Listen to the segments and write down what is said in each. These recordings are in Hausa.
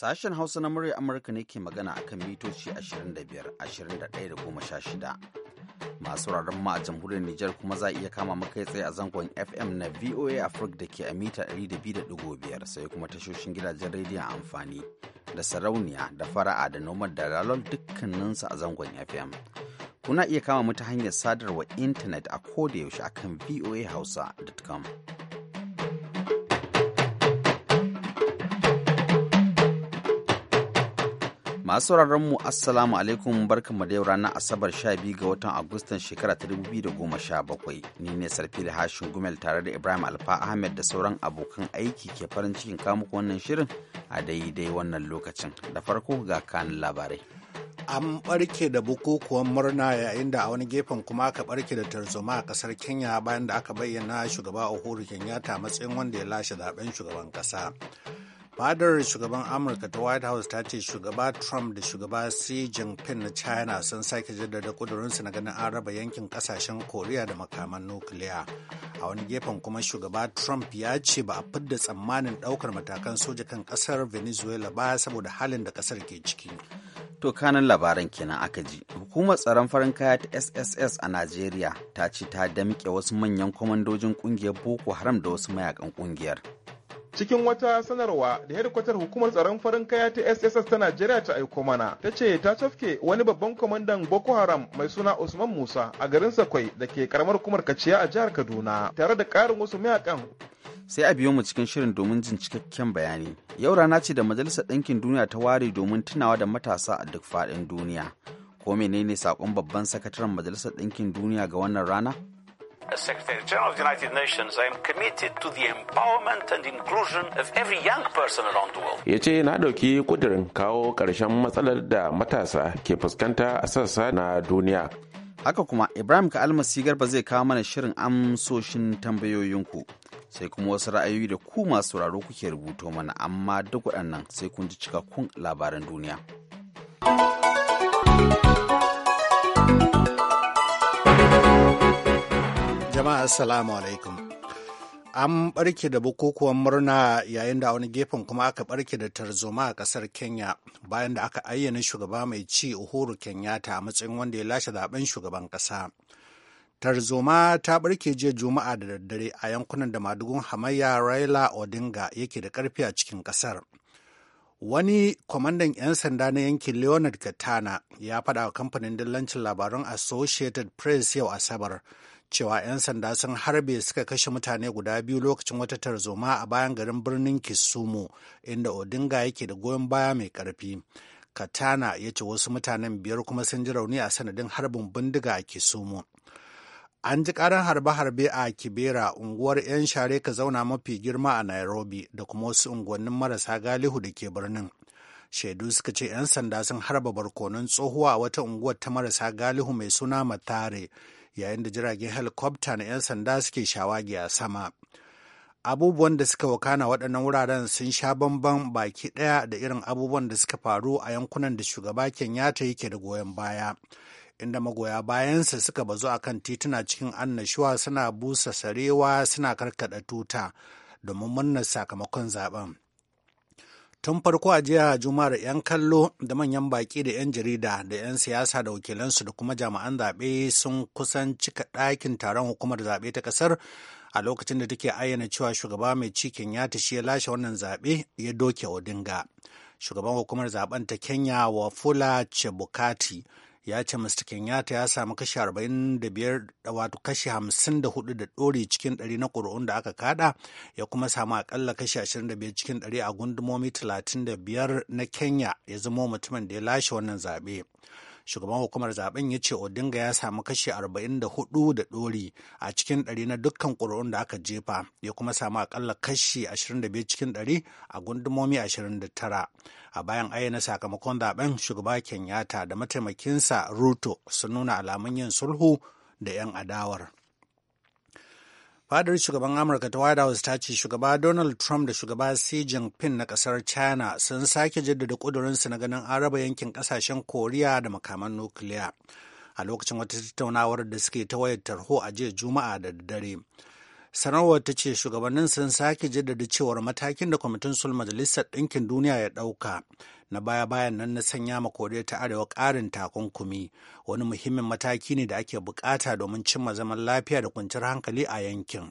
Sashen Hausa na murya Amurka ne ke magana a kan mitoci 25, 21 da goma sha shida. Masu rarren ma a jamhuriyar Nijar kuma za a iya kama maka tsaye a zangon FM na VOA Africa da ke a mita 200.5 sai kuma tashoshin gidajen rediyon amfani da sarauniya da fara'a da nomad da lalol dukkaninsu a zangon FM. Kuna iya kama mu ta hanyar sadarwa intanet a kodayaushe a kan voahausa.com. Masu sauraron mu Assalamu alaikum barkanmu da yau ranar Asabar 12 ga watan Agustan shekara ta 2017. Ni ne sarfi da Hashin Gumel tare da Ibrahim Alfa Ahmed da sauran abokan aiki ke farin cikin kamuku wannan shirin a daidai wannan lokacin. Da farko ga kan labarai. An barke da bukukuwan murna yayin da a wani gefen kuma aka barke da tarzoma a kasar Kenya bayan da aka bayyana shugaba Uhuru Kenyatta matsayin wanda ya lashe zaben shugaban kasa. fadar shugaban amurka ta white house ta ce shugaba trump da shugaba xi jinping na china sun sake jaddada kudurinsu na ganin an raba yankin kasashen koriya da makaman nukiliya a wani gefen kuma shugaba trump ya ce ba a fidda tsammanin daukar matakan soja kan kasar venezuela ba saboda halin da kasar ke ciki to kanan labaran kenan aka ji hukumar tsaron farin kaya ta sss a nigeria ta ce ta damƙe wasu manyan kwamandojin kungiyar boko haram da wasu mayakan kungiyar cikin wata sanarwa da hedikwatar hukumar tsaron farin kaya ta sss ta najeriya ta aiko mana ta ce ta cafke wani babban kwamandan boko haram mai suna usman musa a garin sakwai da ke karamar hukumar kaciya a jihar kaduna tare da karin wasu mayakan sai a biyo mu cikin shirin domin jin cikakken bayani yau rana ce da majalisar ɗinkin duniya ta ware domin tunawa da matasa a duk faɗin duniya ko menene saƙon babban sakataren majalisar ɗinkin duniya ga wannan rana As Secretary General of the United Nations, I am committed to the empowerment and inclusion of every young person around the world. Ya ce na ɗauki ƙudurin kawo karshen matsalar da matasa ke fuskanta a sassa na duniya. Haka kuma Ibrahim ka almasi garba zai kawo mana shirin amsoshin tambayoyinku. Sai kuma wasu ra'ayoyi da ku masu sauraro kuke rubuto mana amma duk waɗannan sai kun ji cikakkun labaran duniya. Jama'a Assalamu alaikum. An barke da bukukuwan murna yayin da wani gefen kuma aka barke da tarzoma a kasar Kenya bayan da aka ayyana shugaba mai ci Uhuru Kenyatta a matsayin wanda ya lashe zaben shugaban kasa. Tarzoma ta barke jiya Juma'a da daddare a yankunan da madugun hamayya Raila Odinga yake da karfi a cikin kasar. Wani kwamandan 'yan sanda na yankin Leonard Katana ya faɗa wa kamfanin dillancin labarun Associated Press yau Asabar. cewa 'yan sanda sun harbe suka kashe mutane guda biyu lokacin wata tarzoma a bayan garin birnin Kisumu inda Odinga yake da goyon baya mai karfi. Katana ya ce wasu mutanen biyar kuma sun ji rauni a sanadin harbin bindiga a Kisumu. An ji karan harbe-harbe a Kibera unguwar 'yan share ka zauna mafi girma a Nairobi da kuma wasu unguwannin marasa galihu da ke birnin. Shaidu suka ce 'yan sanda sun harba barkonon tsohuwa a wata unguwar ta marasa galihu mai suna Matare. yayin da jiragen helikwabta na 'yan sanda suke shawagi a sama abubuwan da suka wakana waɗannan wuraren sun sha bamban baki ɗaya da irin abubuwan da suka faru a yankunan da shugaba kenyatta yake da goyon baya inda magoya bayansa suka bazu a kan tituna cikin annashuwa suna busa sarewa suna karkada tuta domin murnar sakamakon zaben tun farko a jiya juma'ar 'yan kallo da manyan baki da 'yan jarida da 'yan siyasa da wakilansu da kuma jami'an zaɓe sun kusan cika ɗakin taron hukumar zaɓe ta ƙasar a lokacin da take ayyana cewa shugaba mai cikin ya tashi ya lashe wannan zaɓe ya doke odinga shugaban hukumar zaben ta kenya wa wafula chebukati ya ce Mr. Kenyatta ya samu kashi 45 wato kashi 54 da ɗori cikin 100 na ƙuri'un da aka kada ya kuma samu akalla kashi 25 cikin 100 a gundumomi 35 na Kenya ya zama mutumin da ya lashe wannan zaɓe. shugaban hukumar zaben ya ce odinga ya samu kashi 44 da ɗori a cikin dari na dukkan ƙuri'un da aka jefa ya kuma samu akalla kashi 25 cikin dari a gundumomi 29 a bayan ayyana sakamakon zaben shugaba kenyatta da mataimakinsa ruto sun nuna alamun yin sulhu da 'yan adawar Fadar shugaban Amurka ta White House ta ce shugaba Donald Trump da shugaba Xi Jinping na kasar China sun sake jaddada ƙudurinsu na ganin araba yankin ƙasashen Koriya da makaman nukiliya. A lokacin wata tattaunawar da suke ta wayar tarho a jiya Juma'a da dare. Sanarwar ta ce shugabannin sun sake jaddada cewar matakin da kwamitin Sul majalisar ɗinkin duniya ya ɗauka na baya-bayan nan na sanya ma ta arewa ƙarin takunkumi wani muhimmin mataki ne da ake bukata domin cimma zaman lafiya da kwanciyar hankali a yankin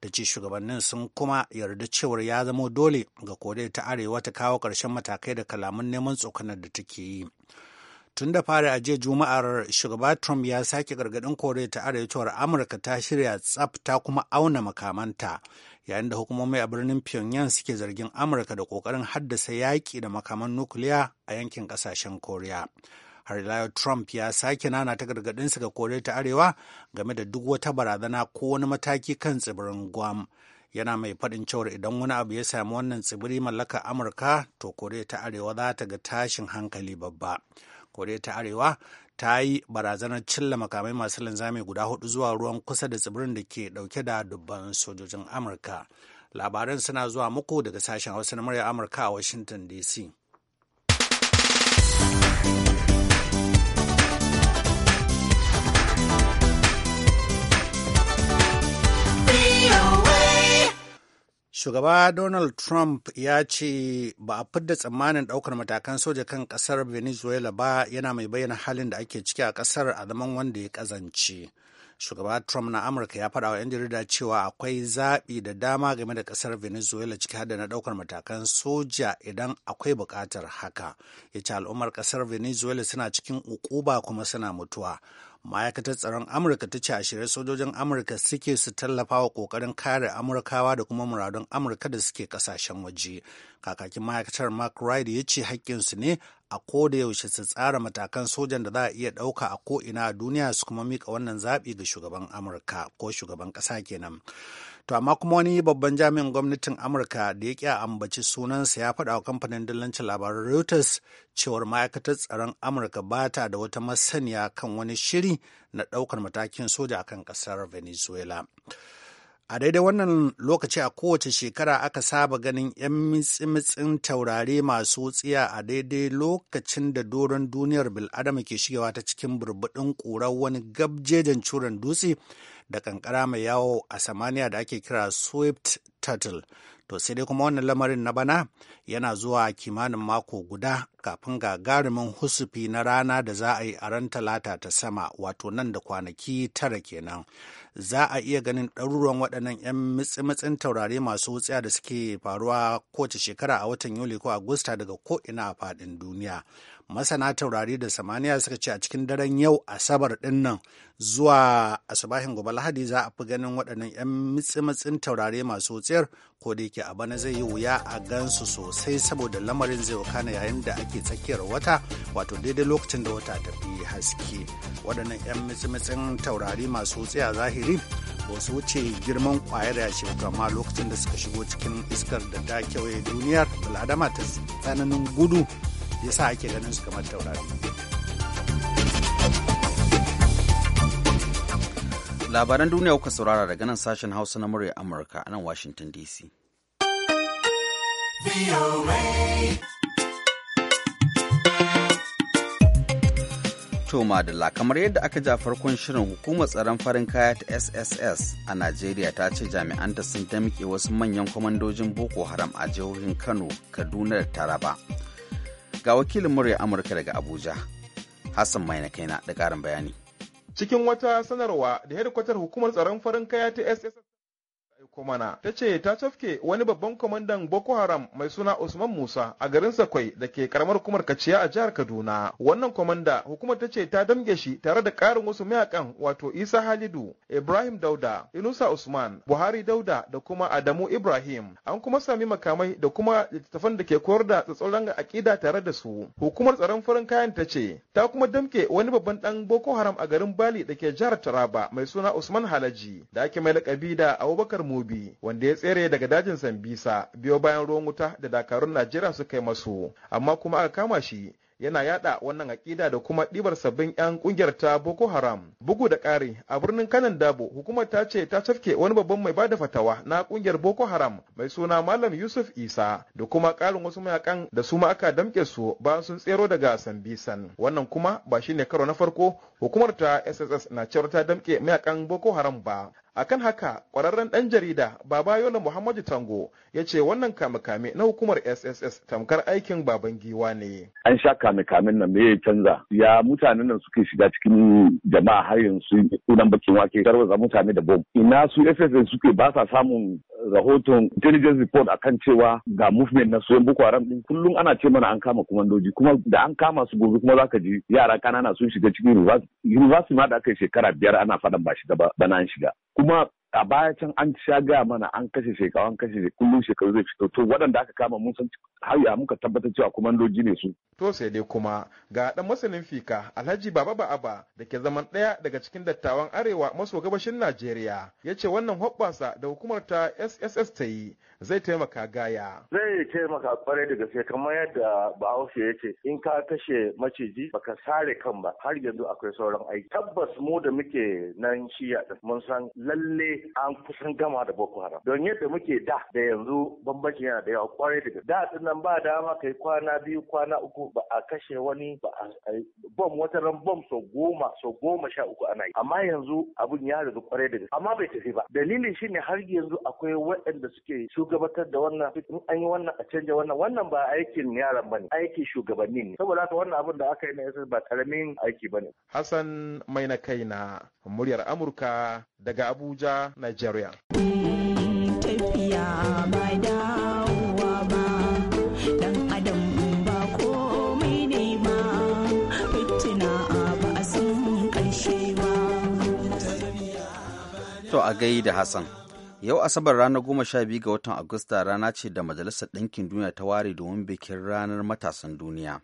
da ce shugabannin sun kuma yarda cewar ya zama dole ga kodai ta arewa ta kawo ƙarshen matakai da kalaman neman tsokanar da take yi tun da fara a jiya juma'ar shugaba trump ya sake gargadin kodai ta arewa cewar amurka ta shirya tsaf ta kuma auna makamanta yayin da hukumomi a birnin pyongyang suke zargin amurka da kokarin haddasa yaƙi da makaman nukiliya a yankin ƙasashen koriya har ila trump ya sake nana ta gargaɗinsa ga koriya ta arewa game da duk wata barazana ko wani mataki kan tsibirin guam yana mai faɗin cewar idan wani abu ya sami wannan tsibiri mallakar amurka to koriya ta arewa za ta ga tashin hankali babba koriya ta arewa ta yi barazanar cilla makamai masu linzami guda hudu zuwa ruwan kusa da tsibirin da ke dauke da dubban sojojin amurka labaran suna zuwa muku daga sashen hausa na murya amurka a washington dc Shugaba Donald Trump ya ce ba a fidda tsammanin ɗaukar matakan soja kan ƙasar Venezuela ba yana mai bayyana halin da ake ciki a ƙasar a zaman wanda ya ƙazance. Shugaba Trump na Amurka ya faɗa wa 'yan jarida cewa akwai zaɓi da dama game da ƙasar Venezuela ciki hada na ɗaukar matakan soja idan akwai bukatar haka. Ya ce al'ummar ƙasar Venezuela suna cikin ukuba kuma suna mutuwa. ma'aikatar tsaron amurka ta ce a shirye sojojin amurka suke su tallafa wa kokarin kare amurkawa da kuma muradun amurka da suke kasashen waje kakakin ma'aikatar mark ride ya ce su ne a ko da yaushe su tsara matakan sojan da za a iya ɗauka a ko'ina a duniya su kuma mika wannan zaɓi ga shugaban amurka ko shugaban ƙasa kenan To amma kuma wani babban jami'in gwamnatin Amurka da ya a ambaci sunansa ya faɗa wa kamfanin dillancin labaran Reuters cewar ma'aikatar tsaron Amurka ba ta da wata masaniya kan wani shiri na ɗaukar matakin soja kan ƙasar Venezuela. A daidai wannan lokaci a kowace shekara aka saba ganin 'yan mitsimitsin mitsin taurari masu tsiya a daidai lokacin da doron duniyar bil'adama ke shigewa ta cikin burbuɗin ƙurar wani gabjejen curan dutse da ƙanƙara mai yawo a samaniya da ake kira swift turtle to sai dai kuma wannan lamarin na bana yana zuwa kimanin mako guda kafin gagarumin husufi na rana da za a yi a ran talata ta sama wato nan da kwanaki tara kenan za a iya ganin ɗaruruwan waɗannan 'yan mitsi-mitsin taurari masu wutsiya da suke faruwa kowace shekara a watan yuli ko agusta daga ko'ina a faɗin duniya masana taurari da samaniya suka ce a cikin daren yau asabar din nan zuwa asubahin gobe lahadi za a fi ganin waɗannan 'yan mitsimatsin taurari masu tsayar ko da yake a bana zai yi wuya a gansu sosai saboda lamarin zai wakana yayin da ake tsakiyar wata wato daidai lokacin da wata ta fi haske waɗannan 'yan mitsimatsin taurari masu tsaya zahiri ba wuce girman kwayar yashi kama lokacin da suka shigo cikin iskar da ta kewaye duniyar bil'adama ta tsananin gudu ya sa ake ganin su kamar taurari labaran duniya kuka saurara daga nan sashen hausa na murya amurka a nan washington dc tomadala Madalla kamar yadda aka ja farkon shirin hukumar tsaron farin kaya ta SSS a Najeriya ta ce jami'anta sun damƙe wasu manyan kwamandojin Boko Haram a jihohin Kano, Kaduna da Taraba. ga wakilin murya Amurka daga Abuja, Hassan mai Maina kaina da ƙarin bayani. Cikin wata sanarwa da hedikwatar hukumar tsaron farin kaya ta SS Komana ta ce ta tafke wani babban kwamandan Boko Haram mai suna Usman Musa a garin Sakwai da ke karamar hukumar Kaciya a jihar Kaduna. Wannan kwamanda hukumar ta ce ta damge shi tare da karin wasu mayakan wato Isa Halidu, Ibrahim Dauda, Inusa Usman, Buhari Dauda da kuma Adamu Ibrahim. An kuma sami makamai da kuma littattafan da ke koyar da tsatsauran akida tare da su. Hukumar tsaron farin kayan ta ce ta kuma damke wani babban dan Boko Haram a garin Bali da ke jihar Taraba mai suna Usman Halaji da ake mai lakabi da Abubakar Mubi. Yobe wanda ya tsere daga dajin Sambisa biyo bayan ruwan wuta da dakarun Najeriya suka yi masu amma kuma aka kama shi yana yada wannan akida da kuma ɗibar sabbin 'yan ƙungiyar ta Boko Haram. Bugu da ƙari a birnin Kanan Dabo hukumar ta ce ta cafke wani babban mai bada fatawa na ƙungiyar Boko Haram mai suna Malam Yusuf Isa da kuma ƙarin wasu mayakan da su ma aka damƙe su bayan sun tsero daga Sambisan. Wannan kuma ba shine karo na farko hukumar ta SSS na cewa ta damƙe mayakan Boko Haram ba. akan haka kwararren ɗan jarida Baba babayola muhammadu tango ya ce wannan kame-kame na hukumar sss tamkar aikin baban giwa ne an sha kame-kamen nan ya canza ya mutanen nan suke shiga cikin jama'a har yanzu sunan bakin wake tarwaza mutane da bom ina su sss suke ba sa samun rahoton intelligence report akan cewa ga movement na soyan boko haram din kullum ana ce mana an kama kumandoji kuma da an kama su gobe kuma zaka ji yara kanana sun shiga cikin university ma da aka yi shekara biyar ana fadan ba shiga ba bana an shiga kuma a baya can an sha gaya mana an kashe shekaru an kashe kullum shekaru zai fito to waɗanda aka kama mun san har ya muka tabbatar cewa komandoji ne su. To sai dai kuma ga dan masanin fika Alhaji Baba Ba'aba da ke zaman ɗaya daga cikin dattawan arewa maso gabashin Najeriya ya ce wannan hoɓɓasa da hukumar ta SSS ta yi zai taimaka gaya. Zai taimaka kwarai da gaske kamar yadda Bahaushe ya ce in ka kashe maciji baka sare kan ba har yanzu akwai sauran aiki. Tabbas mu da muke nan shiya mun san lalle an kusan gama da Boko Haram. Don yadda muke da da yanzu bambanci yana da yawa kwarai da gaske. Da sannan ba dama kai kwana biyu kwana uku ba a kashe wani ba a bom wata ran bom so goma so goma sha uku ana yi. Amma yanzu abun ya riga kwarai da gaske. Amma bai tafi ba. Dalilin shine har yanzu akwai waɗanda suke shugaban gabatar da wannan in an yi wannan a canja wannan wannan ba aikin yaran bane aikin shugabanni ne saboda haka wannan abin da aka yi na SS ba karamin aiki bane Hassan mai na kai na muryar Amurka daga Abuja Nigeria tafiya ba dawowa ba dan adam ba komai ne ba fitina ba a san karshe ba to a gaida Hassan Yau Asabar ranar goma sha biyu ga watan Agusta rana ce da Majalisar Ɗinkin Duniya ta ware domin bikin ranar matasan duniya,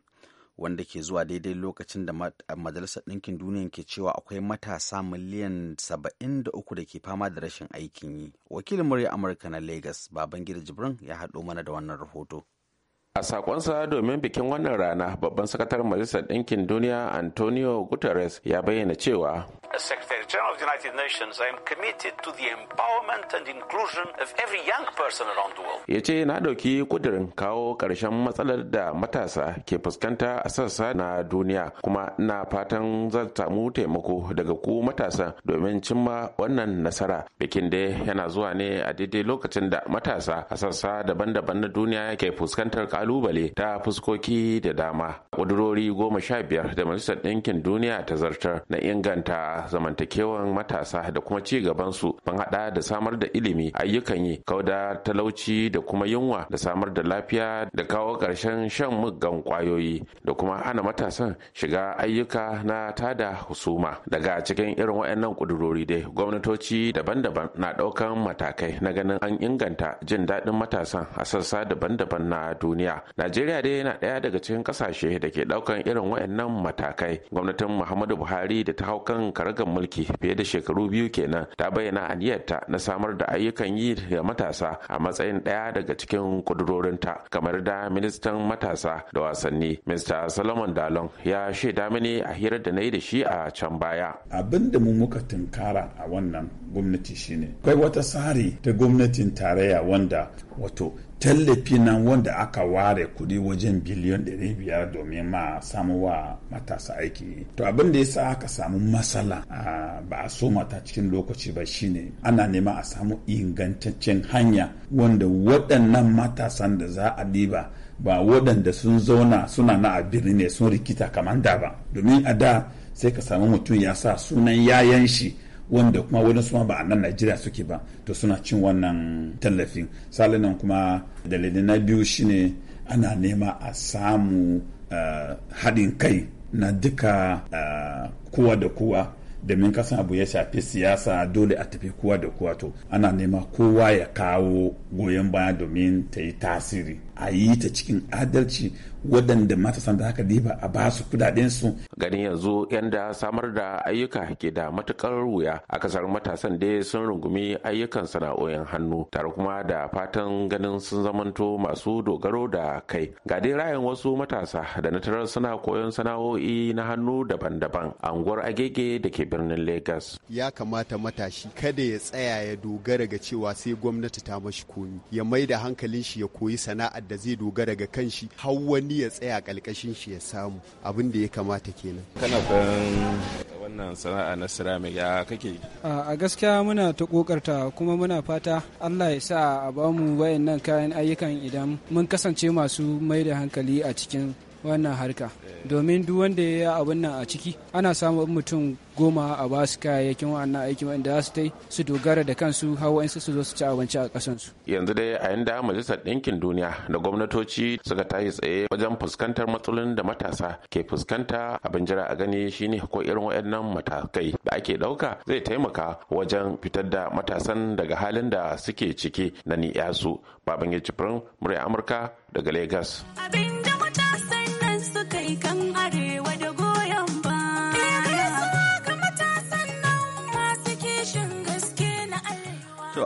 wanda ke zuwa daidai lokacin da Majalisar Ɗinkin Duniya ke cewa akwai matasa miliyan saba'in da uku da ke fama da rashin aikin yi. Wakilin murya Amurka na Lagos, Babangida Jibrin, ya haɗo mana da wannan rahoto. A sakonsa domin bikin wannan rana, babban sakataren Majalisar Ɗinkin Duniya Antonio Guterres ya bayyana cewa. the United Nations, I am committed to the empowerment and inclusion of every young person around the world. Ya ce na ɗauki ƙudurin kawo ƙarshen matsalar da matasa ke fuskanta a sassa na duniya kuma na fatan zan samu taimako daga ku matasa domin cimma wannan nasara. Bikin dai yana zuwa ne a daidai lokacin da matasa a sassa daban-daban na duniya ke fuskantar ƙalubale ta fuskoki da dama. Ƙudurori goma sha biyar da Majalisar Ɗinkin Duniya ta zartar na inganta zamantakewan matasa da kuma ci gaban su ban haɗa da samar da ilimi ayyukan yi kauda talauci da kuma yunwa da samar da lafiya da kawo ƙarshen shan muggan ƙwayoyi da kuma hana matasan shiga ayyuka na tada husuma daga cikin irin wayannan ƙudurori dai gwamnatoci daban-daban na ɗaukan matakai na ganin an inganta jin daɗin matasan a sassa daban-daban na duniya najeriya dai yana ɗaya daga cikin ƙasashe da ke ɗaukan irin waɗannan matakai gwamnatin muhammadu buhari da ta hau kan karagar mulki fiye da shekaru biyu kenan ta bayyana aniyarta na samar da ayyukan yi ga matasa a matsayin ɗaya daga cikin kudurorinta kamar da ministan matasa da wasanni mr solomon dalon ya shaida mini a hirar da na yi da shi a can baya abin da mu muka tunkara a wannan gwamnati shine akwai wata tsari ta gwamnatin tarayya wanda wato tallafi nan wanda aka ware kudi wajen biliyon 500 domin ma samu wa matasa aiki to abin da yasa aka samu matsala ba a so mata cikin lokaci ba shine ana nema a samu ingantaccen hanya wanda waɗannan matasan da za a ɗiba ba waɗanda sun zauna suna na a birni ne sun rikita kamar da ba domin a da sai ka samu mutum ya sa sunan yayan shi wanda kuma wani suma ba a nan Najeriya suke ba to suna cin wannan tallafin salinan kuma dalilin na biyu shine ana nema a samu eh, haɗin kai na duka eh, kowa da kowa domin kasan abu ya shafi siyasa dole a tafi kowa da kowa to ana nema kowa ya kawo goyon baya domin ta yi tasiri a yi ta cikin adalci waɗanda mata sanda haka diba a ba su kudaden su ganin yanzu yanda samar da ayyuka ke da matukar wuya a kasar matasan dai sun rungumi ayyukan sana'o'in hannu tare kuma da fatan ganin sun zamanto masu dogaro da kai ga dai ra'ayin wasu matasa da na tarar suna koyon sana'o'i na hannu daban-daban a unguwar agege da ke birnin lagos ya kamata matashi kada ya tsaya ya dogara ga cewa sai gwamnati ta mashi komi ya mai da hankalin shi ya koyi sana'ar da zai dogara ga kanshi har wani wani ya tsaya ƙalƙashin shi ya samu abin da ya kamata kenan kana koyon wannan sana'a na ceramic ya kake a gaskiya muna ta kokarta kuma muna fata Allah ya sa a bamu wayannan kayan ayyukan idan mun kasance masu mai da hankali a cikin wannan harka domin duk wanda ya yi abin nan a ciki ana samun mutum goma a ba su kayayyakin wannan aiki wanda za su ta su dogara da kansu hawa su zo su ci abinci a kasansu. yanzu dai a yanda majalisar ɗinkin duniya da gwamnatoci suka tashi tsaye wajen fuskantar matsalolin da matasa ke fuskanta abin jira a gani shine ko irin waɗannan matakai da ake ɗauka zai taimaka wajen fitar da matasan daga halin da suke ciki na ni'yasu baban ya murya amurka daga lagos.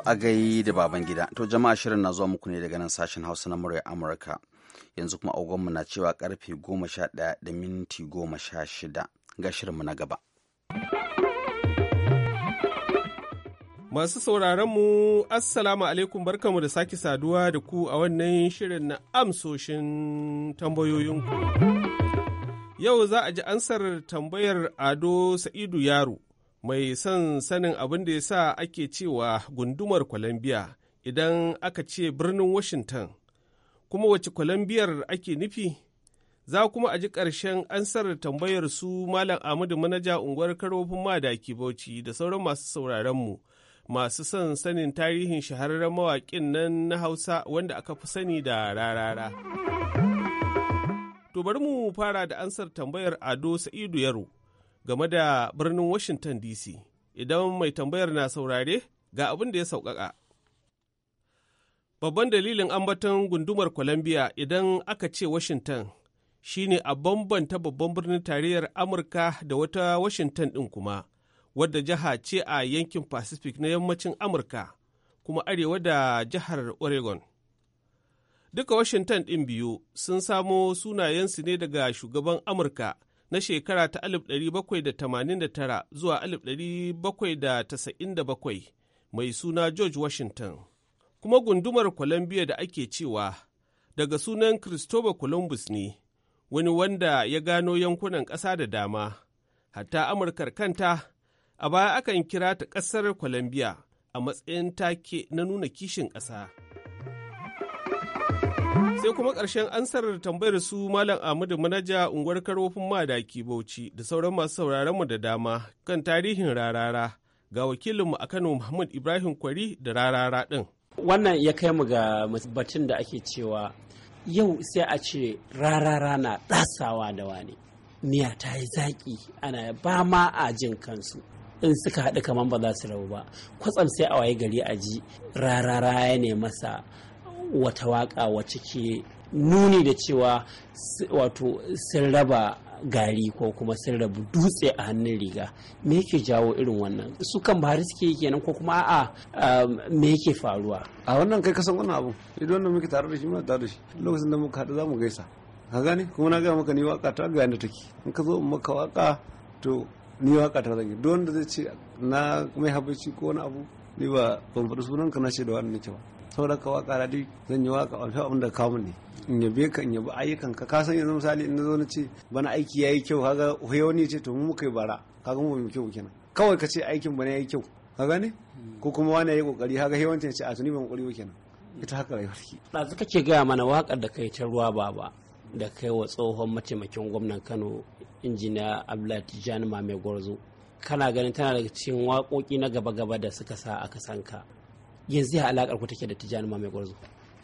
a gai da baban gida. To jama'a shirin na zuwa muku ne daga nan sashen Hausa na murya Amurka. Yanzu kuma agonmu na cewa karfe goma sha ɗaya da minti goma sha shida ga shirinmu na gaba. Masu sauraronmu, Assalamu alaikum barkanmu da sake saduwa da ku a wannan shirin na amsoshin tambayoyinku. Yau za a ji ansar tambayar Ado Sa'idu Yaro. mai son sanin abin da ya sa ake cewa gundumar Columbia idan aka ce birnin Washington, kuma wace Columbia ake nufi? Za kuma a ji ƙarshen ansar tambayar su Malam Ahmadu manaja unguwar karofin madaki Bauchi da sauran masu sauraronmu masu son sanin tarihin shahararren mawaƙin nan na Hausa wanda aka fi sani da rarara. To bari mu fara da ansar tambayar Ado Sa'idu Yaro. game da birnin Washington DC. Idan mai tambayar na saurare ga abin da ya sauƙaƙa. Babban dalilin ambaton gundumar Columbia idan aka ce Washington shine a bambanta babban birnin tarayyar Amurka da wata Washington ɗin kuma, wadda jiha ce a yankin Pacific na yammacin Amurka, kuma arewa da jihar Oregon. Duka Washington ɗin biyu sun samo sunayensu ne daga shugaban Amurka na shekara ta 1789 zuwa 1797 mai suna George Washington, kuma gundumar Columbia da ake cewa daga sunan Christopher Columbus ne, wani wanda ya gano yankunan ƙasa da dama, hatta Amurkar kanta a baya akan kira ta ƙasar Columbia a matsayin take na nuna kishin ƙasa. sai kuma ƙarshen ansar tambayar su Malam Amadu Manaja unguwar karofin madaki Bauchi da sauran masu sauraron mu da dama kan tarihin rarara ga wakilin mu a Kano Muhammad Ibrahim Kwari da rarara din. Wannan ya kai mu ga batun da ake cewa yau sai a ce rarara na ɗasawa da wani. Miya ta yi zaƙi ana ba ma a jin kansu. in suka haɗu kamar ba za su rabu ba kwatsam sai a waye gari a ji rarara ya ne masa wata waka wacce ke nuni da cewa wato sun raba gari ko kuma sun rabu dutse a hannun riga me yake jawo irin wannan su kan bahari suke kenan ko kuma a'a um, me yake faruwa a wannan kai kasan wannan abu idan wannan muke tare da shi muna tare da shi lokacin da muka haɗu za mu gaisa ka gane kuma na gaya maka ni waka ta ga yanda take in ka zo maka waka to ni waka ta zan yi don da zai ce na mai habaci ko wani abu ni ba ban faɗi sunan ka na ce da ne cewa. ba Sauraka waka na zan yi waka a abin da kawo ne in yabe ka in yabi ayyukan ka ka san yanzu misali in zo na ce bana aiki yayi kyau kaga ne ce to mu muka yi bara kaga mu mu kyau kenan kawai ka ce aikin bana yayi kyau kaga ne ko kuma wani yayi kokari kaga hewancin ce a tuni ban kokari kenan ita haka rayuwar ki dazu kake gaya mana wakar da kai ta ruwa baba da kai wa tsohon mataimakin gwamnan Kano injiniya Abdullahi Jan Mame Gwarzo kana ganin tana daga cikin waƙoƙi na gaba-gaba da suka sa aka sanka yanzu ya alakar ku take da tijjani ma mai gwarzo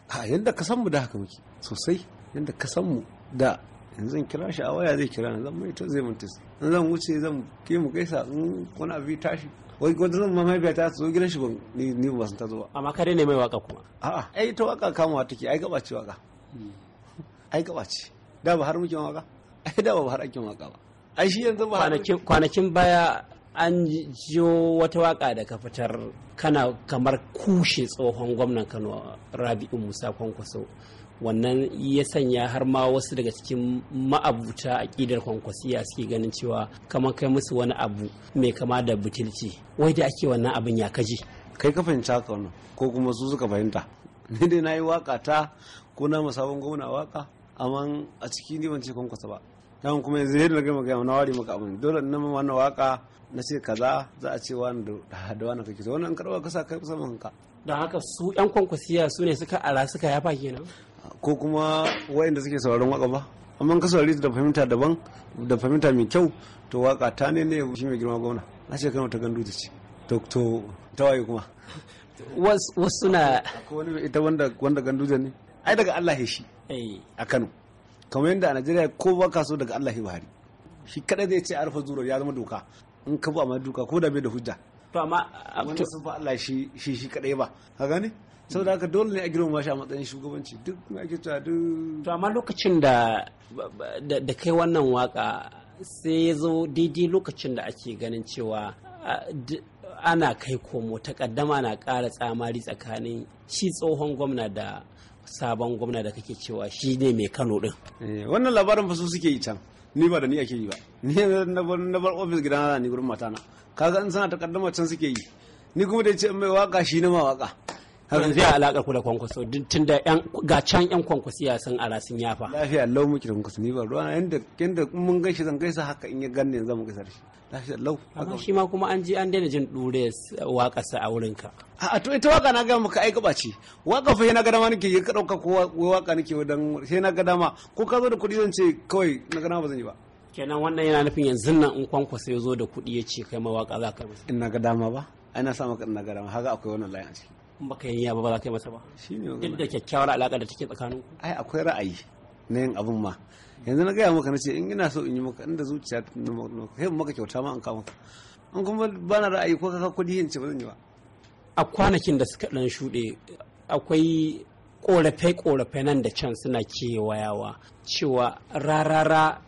a yadda ka san mu da haka muke sosai yadda ka san mu da yanzu zan kira shi a waya zai kira na zan mai to zai mun in zan wuce zan ke mu gaisa in wani bi tashi wai wanda zan ma mahaifiya ta zo gidan shi ban ni ni ba san ta zo ba amma ka daina mai waka kuma a'a ai ta waka kamawa take ai gaba ce waka ai gaba ce da ba har muke waka ai da ba har ake waka ba ai shi yanzu ba kwanakin baya an jiyo wata waka da ka fitar kana kamar kushe tsohon gwamnan kano rabi'u musa kwankwaso wannan ya sanya har ma wasu daga cikin ma'abuta aƙidar kwankwasiya suke ganin cewa kamar kai musu wani abu mai kama da butilci wai da ake wannan abin ya kaji kai ka fahimci haka wannan ko kuma su suka fahimta ni dai na yi waka ta ko na musabon gwamna waka amma a ciki ni ban ce kwankwasa ba dan kuma yanzu yadda na gama gama na ware maka abin dole na wannan waka na ce kaza za a ce wani da wani kake to wannan karɓar kasa kai kusa manka don haka su yan kwankwasiya su ne suka ara suka yafa kenan ko kuma waɗanda suke sauraron waka ba amma ka saurari da fahimta daban da fahimta mai kyau to waka ta ne ne shi mai girma gwamna na ce kano ta gandu ta ce to ta waye kuma wasu na ita wanda gandu ne ai daga Allah ya shi eh. a Kano kamar yadda a najeriya kowa kaso daga allah buhari shi kadai zai ce a rufe ya zama doka in ka ba doka ko da bai da hujja to amma wanda sun fa Allah shi shi shi kadai ba ka sau saboda haka dole ne a girma shi a matsayin shugabanci duk ake cewa duk to amma lokacin da da kai wannan waka sai ya zo daidai lokacin da ake ganin cewa ana kai komo takaddama na ƙara tsamari tsakanin shi tsohon gwamna da sabon gwamna da kake cewa shi ne mai kano din eh, wannan labarin fa su suke yi can ni ba da ni ake yi ba ni na bar ofis gidana ni gurin matana kaga in sana takaddama can suke yi ni kuma da ce mai waka shi ma waka yanzu zai alakar ku da kwankwaso tun da ga can yan kwankwaso ya san ara sun yafa lafiya lau muke da kwankwaso ni ba ruwa yanda yanda mun gaishe zan gaisa haka in ya ganne zan mu gaisar shi lafiya lau amma shi ma kuma an ji an daina jin dure waƙarsa a wurin ka. a to ita waka na ga ka aika gaba ce waka fa na ga dama nake ka dauka ko waka nake dan sai na ga dama ko ka zo da kuɗi zan ce kawai na ga dama ba zan yi ba kenan wannan yana nufin yanzu nan in kwankwasa ya zo da kuɗi ya ce kai ma waka za ka masa in na ga dama ba ai na sa maka in na ga dama haka akwai wannan layin a ciki in baka yi ba ba za ka yi masa ba duk da kyakkyawar alaƙa da take tsakaninku ai akwai ra'ayi na yin abin ma yanzu na gaya maka na ce in ina so in yi maka inda zuciya kai maka kyauta ma an kama in kuma ba na ra'ayi ko kaka kudi yin ce ba zan yi ba a kwanakin da suka dan shuɗe akwai korafai-korafai nan da can suna kewayawa cewa rarara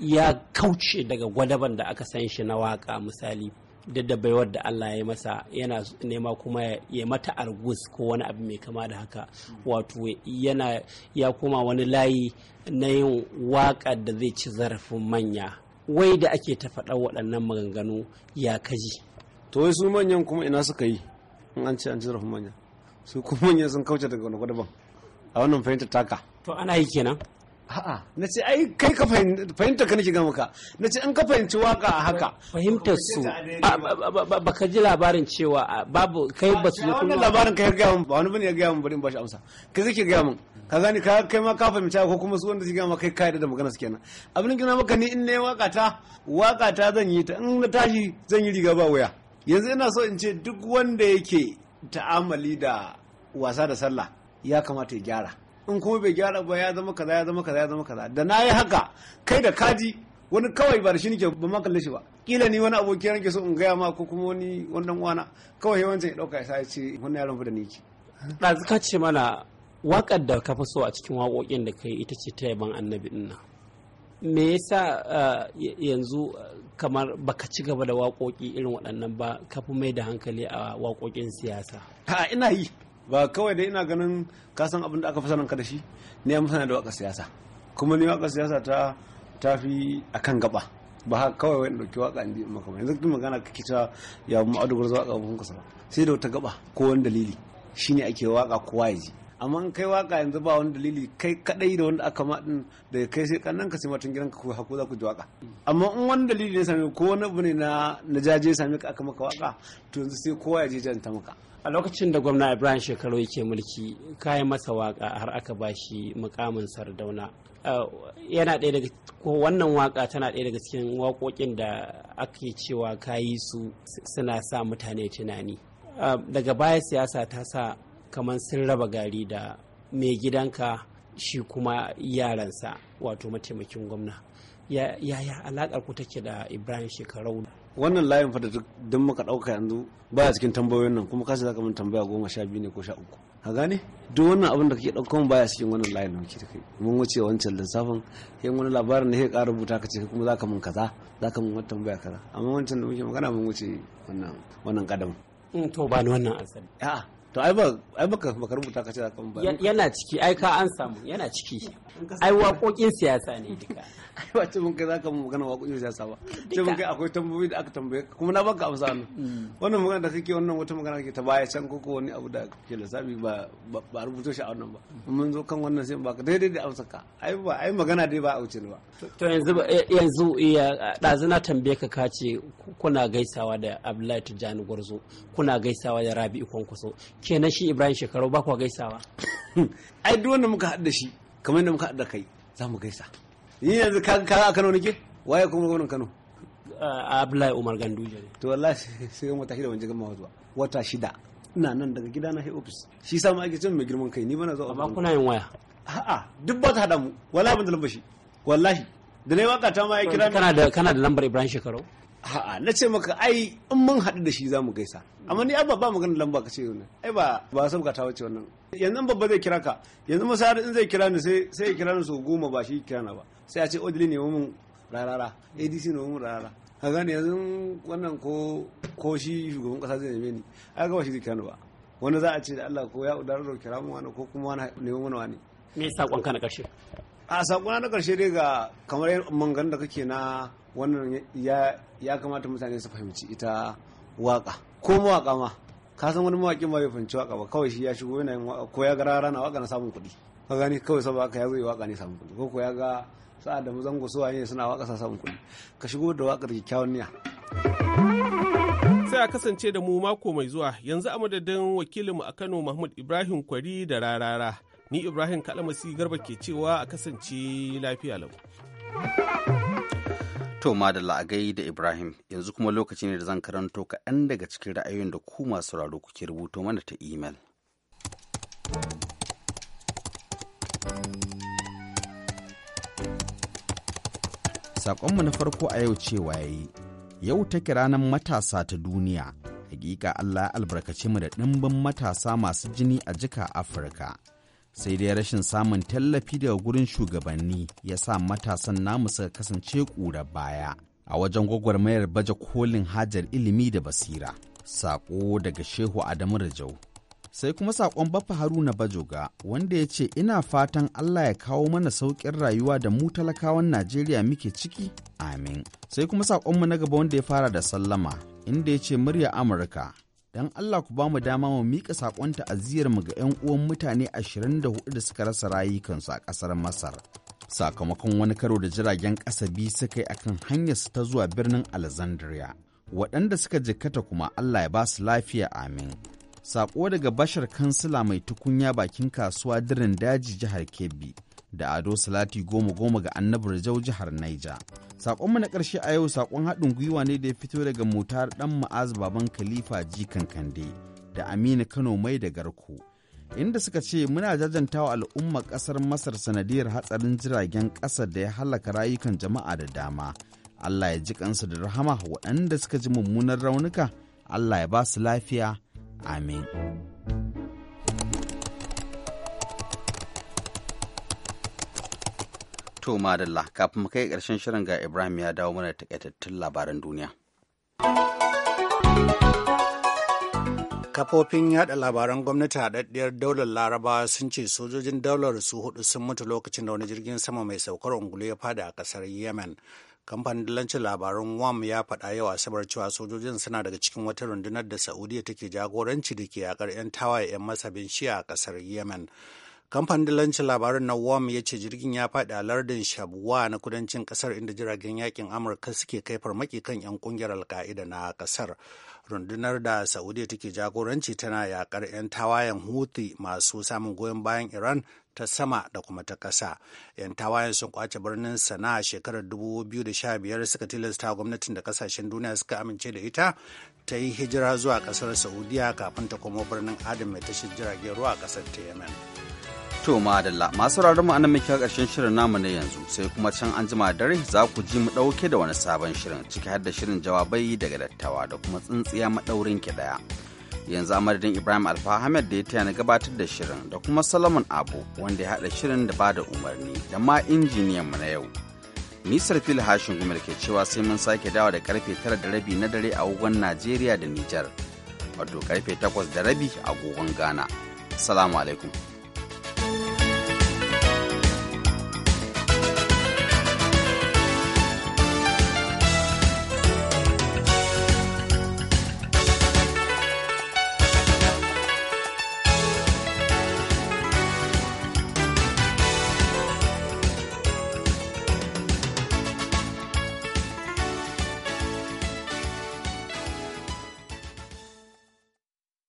ya kauce daga gwadaban da aka san shi na waka misali daddabai wadda Allah ya masa yana nema kuma ya mata argus ko wani abu mai kama da haka wato yana ya koma wani layi na yin waka da zai ci zarafin manya wai da ake ta faɗa waɗannan maganganu ya kaji to wai su manyan kuma ina suka yi in an ce an ci zarafin manya su kuma manyan sun kauce daga wani gwadaban a wannan fahimtar taka to ana yi kenan A'a. Na ce ai kai ka fahimta ka nake maka. Na ce an ka fahimci waka a haka. Fahimtar su. Ba ka ji labarin cewa babu kai ba su. Wannan labarin kai gaya min ba wani bane ya gaya mun bari in bashi amsa. Kai ke gaya mun. Ka gani ka kai ma ka fahimci ko kuma su wanda su ma kai kai da magana su kenan. Abin gina maka ni in ne waka ta waka ta zan yi ta in na tashi zan yi riga ba wuya. Yanzu ina so in ce duk wanda yake ta'amali da wasa da sallah ya kamata ya gyara. in kuma bai gyara ba ya zama kaza ya zama kaza ya zama kaza da na yi haka kai da kaji wani kawai ba da shi nake ba ma kalle shi ba kila ni wani aboki ke so in gaya ma ko kuma wani wannan wana kawai yawancin ya dauka ya sai ce wannan yaron fa da ni ki ɗazu ka ce mana wakar da ka fi so a cikin wakokin da kai ita ce ta yaban annabi dinna me yasa eh, yanzu eh, kamar baka ci gaba da wakoki irin waɗannan ba ka fi mai da hankali a wakokin siyasa ha ina yi ba kawai dai ina ganin kasan abin da aka fi sananka da shi ne ya musana da waka siyasa kuma ne waka siyasa ta tafi akan gaba ba haka kawai wani dauki waka indi makamai yanzu kuma gana kake cewa ya mu adugar zuwa ga abubuwan kasa sai da wata gaba ko wani dalili shine ake waka kowa ya ji amma in kai waka yanzu ba wani dalili kai kadai da wanda aka maɗin da kai sai kannan ka sai matan gidanka ko haku za ku ji waka amma in wani dalili ne sami ko wani abu ne na jaje sami ka aka maka waka to yanzu sai kowa ya je janta maka a lokacin da gwamna ibrahim shekaru yake mulki kayan masa waka har aka bashi mukamin sardauna yana ɗaya daga ko wannan waka tana ɗaya daga cikin waƙoƙin da ake cewa kayi su suna sa mutane tunani daga baya siyasa ta sa kamar sun raba gari da mai gidanka shi kuma yaransa wato mataimakin gwamna yaya alakar ku take da ibrahim Shekaru. wannan layin fa da duk muka dauka yanzu a cikin tambayoyin nan kuma kasa zaka mun tambaya goma sha biyu ne ko sha uku ka gane duk wannan abin da kake ba baya cikin wannan layin nan muke kai mun wuce wancan lissafin yin wani labarin da ya ƙara rubuta ka ce kuma zaka mun kaza zaka mun wata tambaya kaza amma wancan da muke magana mun wuce wannan wannan in mm, to ba ni wannan asali a'a to ai ba ai baka baka rubuta ka ce zaka ba yana ciki ai ka an samu yana ciki ai waƙoƙin siyasa ne duka ai wace mun kai zaka mu magana waƙoƙin siyasa ba ce mun kai akwai tambayoyi da aka tambaye kuma na baka amsa ne mm. wannan magana da kake wannan wata magana kake ta baya can ko wani abu da da sabi ba ba rubuto shi a wannan ba mm. mun zo kan wannan sai baka daidai da amsa ka ai ba ai magana dai ba a wuce ba to yanzu eh, yanzu ɗazu na tambaye ka kace kuna gaisawa da Abdullahi Tijjani Gwarzo kuna gaisawa da Rabi'u Kwankwaso kenan shi ibrahim shekaru ba kwa gaisawa ai duk wanda muka haɗa shi kamar yadda muka haɗa kai za mu gaisa yi yanzu ka ka a kano nake waye kuma gwamnan kano a abdullahi umar ganduje ne to wallahi sai ga wata shida wanje gama zuwa wata shida ina nan daga gida na ofis shi sa ma ake cin mai girman kai ni bana zuwa amma kuna yin waya a'a duk ba ta haɗa mu wallahi ban da shi wallahi da na yi waka ta ma ya kira kana kana da lambar ibrahim shekaru A'a na ce maka ai in mun haɗu da shi za mu gaisa. Amma ni abba ba magana lamba ka ce ne Ai ba ba sa ka wace wannan. Yanzu babba zai kira ka. Yanzu musa in zai kira ni sai sai ya kira ni sau goma ba shi kira na ba. Sai a ce Odili ne mun rarara. ADC ne mun rarara. Ka gane yanzu wannan ko ko shi shugaban kasa zai neme ni. Ai ga ba shi zai kira ni ba. Wani za a ce da Allah ko ya udara da kira mu wani ko kuma wani neman wani wani. Me saƙon ka na karshe A saƙona na karshe dai ga kamar mangan da kake na wannan ya ya kamata mutane su fahimci ita waka ko mawaka ma ka san wani mawaki ma bai fahimci waka ba kawai shi ya shigo yana yin waka ko ya ga rana na waka na samun kuɗi ka gani kawai saboda haka ya zo waka ne samun kuɗi ko ko ya ga sa'a da zango suwa ne suna waka sa samun kuɗi ka shigo da wakar kyakkyawan niyya sai a kasance da mu mako mai zuwa yanzu a madadin wakilinmu a Kano Mahmud Ibrahim Kwari da rarara ni Ibrahim Kalamasi Garba ke cewa a kasance lafiya lau To da la'agai da Ibrahim yanzu kuma lokaci ne da zan karanto kaɗan daga cikin ra'ayoyin da ku masu sauraro kuke rubuto mana ta imel. Saƙonmu na farko a yau cewa yi, yau take ranar matasa ta duniya, hakika Allah ya albarkace mu da ɗimbin matasa masu jini a jika Afirka. sai dai rashin samun tallafi daga gurin shugabanni ya sa matasan namu suka kasance ƙura baya a wajen gwagwarmayar baje kolin hajar ilimi da basira saƙo daga shehu adamu rajau sai kuma saƙon bafa haruna bajoga wanda ya ce ina fatan allah ya kawo mana sauƙin rayuwa da mu talakawan najeriya muke ciki amin sai kuma saƙonmu na gaba wanda ya fara da sallama inda ya ce murya amurka don Allah ku ba mu dama mu miƙa saƙon mu ga 'yan uwan mutane 24 da suka rasa rayukansu a ƙasar Masar. Sakamakon wani karo da jiragen ƙasa biyu suka yi akan hanyar su ta zuwa birnin Alexandria. Waɗanda suka jikkata kuma Allah ya ba su lafiya amin. Saƙo daga bashar kansila mai tukunya bakin kasuwa dirin daji jihar Kebbi. da ado salati goma goma ga annabi rajau jihar naija saƙonmu na ƙarshe a yau saƙon haɗin gwiwa ne da ya fito daga mutar ɗan ma'az baban khalifa jikan kande da aminu kano mai da garku inda suka ce muna jajantawa al'umma ƙasar masar sanadiyar hatsarin jiragen ƙasa da ya halaka rayukan jama'a da dama allah ya ji kansu da rahama waɗanda suka ji mummunan raunuka allah ya ba su lafiya amin. To madalla kafin kai ƙarshen shirin ga Ibrahim ya dawo mana da takaitattun labaran duniya. Kafofin yada labaran gwamnati a haɗaɗɗiyar daular Laraba sun ce sojojin daular su hudu sun mutu lokacin da wani jirgin sama mai saukar ungulu ya fada a kasar Yemen. kamfanin dillancin labaran wam ya faɗa yau asabar cewa sojojin suna daga cikin wata rundunar da saudiya take jagoranci da ke yakar 'yan tawaye 'yan masabin shiya a ƙasar yemen kamfanin dalancin labarin na wam ya ce jirgin ya faɗi a lardin shabuwa na kudancin kasar inda jiragen yakin amurka suke kai farmaki kan 'yan kungiyar alka'ida na kasar rundunar da saudiya take jagoranci tana yakar 'yan tawayen houthi masu samun goyon bayan iran ta sama da kuma ta ƙasa. 'Yan tawayen sun kwace birnin sana a shekarar 2015 suka tilasta gwamnatin da ƙasashen duniya suka amince da ita ta yi hijira zuwa ƙasar Saudiya kafin ta komo birnin Adam mai tashar jiragen ruwa a ƙasar ta Yemen. To madalla masu sauraron mu anan muke karshen shirin namu na yanzu sai kuma can an jima dare za ku ji mu dauke da wani sabon shirin ciki har da shirin jawabai daga dattawa da kuma tsintsiya madaurin ki daya. Yanzu a Ibrahim Alfa Ahmed da ya taya na gabatar da shirin da kuma Solomon Abu wanda ya haɗa shirin da bada umarni da ma injiniyan mu na yau. Nisar fil hashin gumar ke cewa sai mun sake dawa da karfe tara da rabi na dare a agogon Najeriya da Nijar. Wato karfe takwas da rabi a agogon Ghana. Assalamu alaikum.